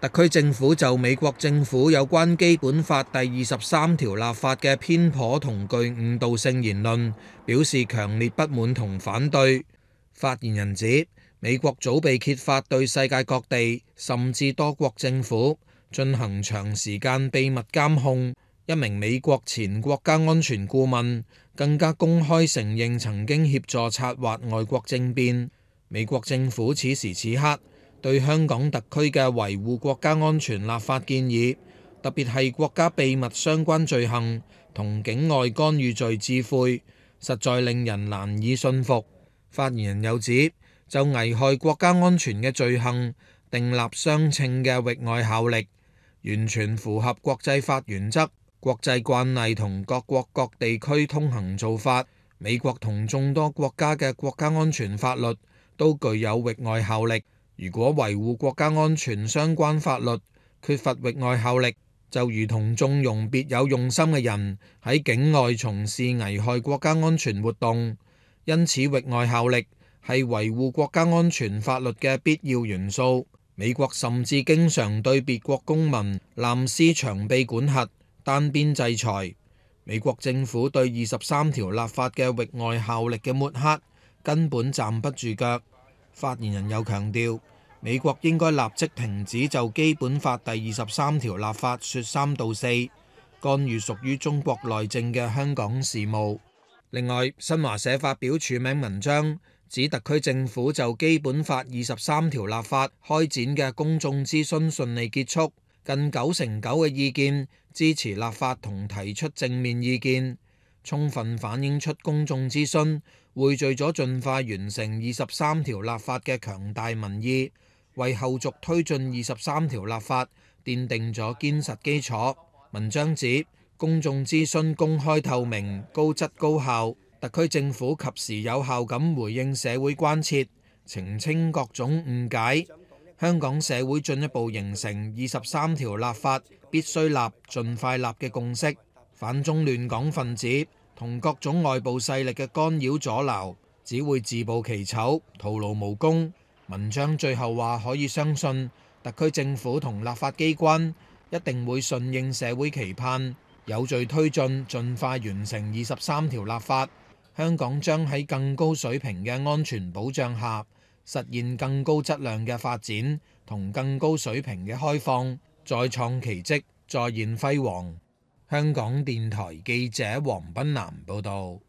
特區政府就美國政府有關《基本法》第二十三條立法嘅偏頗同具誤導性言論，表示強烈不滿同反對。發言人指，美國早被揭發對世界各地甚至多國政府進行長時間秘密監控。一名美國前國家安全顧問更加公開承認曾經協助策劃外國政變。美國政府此時此刻，對香港特區嘅維護國家安全立法建議，特別係國家秘密相關罪行同境外干預罪治悔，實在令人難以信服。發言人又指，就危害國家安全嘅罪行，訂立相稱嘅域外效力，完全符合國際法原則、國際慣例同各國各地區通行做法。美國同眾多國家嘅國家安全法律都具有域外效力。如果維護國家安全相關法律缺乏域外效力，就如同縱容別有用心嘅人喺境外從事危害國家安全活動。因此，域外效力係維護國家安全法律嘅必要元素。美國甚至經常對別國公民濫施長臂管轄、單邊制裁。美國政府對二十三條立法嘅域外效力嘅抹黑，根本站不住腳。發言人又強調，美國應該立即停止就基本法第二十三條立法説三道四，干預屬於中國內政嘅香港事務。另外，新華社發表署名文章，指特區政府就基本法二十三條立法開展嘅公眾諮詢順利結束，近九成九嘅意見支持立法同提出正面意見。充分反映出公眾諮詢匯聚咗盡快完成二十三條立法嘅強大民意，為後續推進二十三條立法奠定咗堅實基礎。文章指，公眾諮詢公開透明、高質高效，特區政府及時有效咁回應社會關切，澄清各種誤解，香港社會進一步形成二十三條立法必須立、盡快立嘅共識。反中亂港分子同各種外部勢力嘅干擾阻撓，只會自暴其醜，徒勞無功。文章最後話：可以相信特區政府同立法機關一定會順應社會期盼，有序推進，盡快完成二十三條立法。香港將喺更高水平嘅安全保障下，實現更高質量嘅發展同更高水平嘅開放，再創奇蹟，再現輝煌。香港電台記者黃斌南報道。